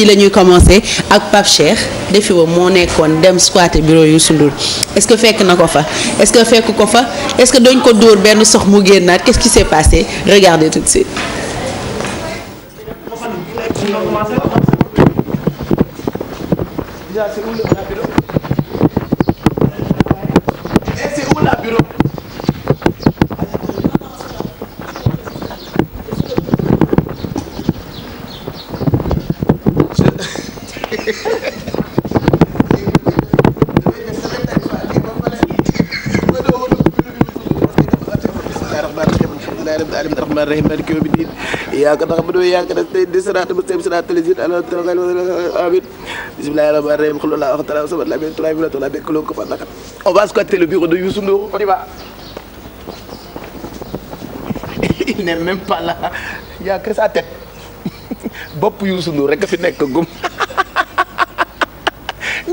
fii la ñuy commencé ak Pape Cheikh defi moo nekkoon dem squatter bureau yu Ndour est-ce que fekk na ko fa est que fekk ko fa est-ce que dañ ko dóor benn sox mu génnaat qu'est-ce qui s'est passé regardez tout de العالمين الرحمن الرحيم مالك يوم الدين اياك نعبد واياك نستعين صراط المستقيم صراط الذين انعمت عليهم امين بسم الله الرحمن الرحيم قل الله احد الله الصمد لم يلد ولم يولد ولم يكن له كفوا احد on va squatter le bureau de Youssou Ndour on y va il n'est même pas là il y a que sa tête bopp Youssou Ndour rek a fi nekk gum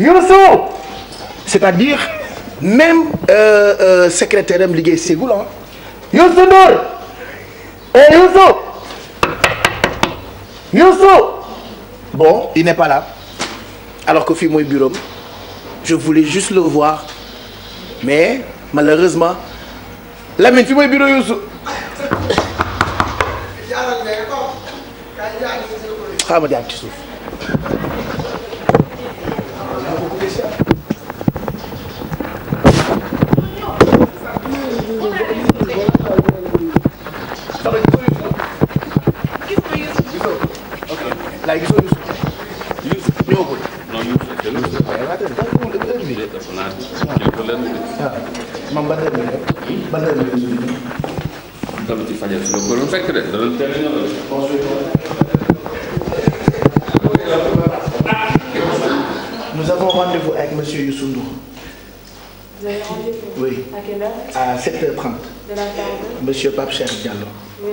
Youssou c'est-à-dire même euh, euh, secrétaire am liggéey ségul ah et Youssou Youssou bon il n'est pas là alors que fii mooy bureau je voulais juste le voir mais malheureusement Lamine fi mooy bureau Youssou ci suuf Nous avons rendez-vous avec Monsieur Youssou Ndour. À quelle heure À 7h30. De la table. Monsieur Pape Cher Diallo. Oui,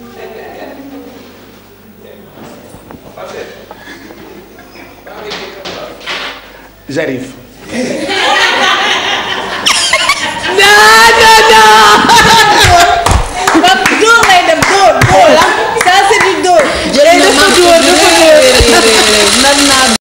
j'arrive.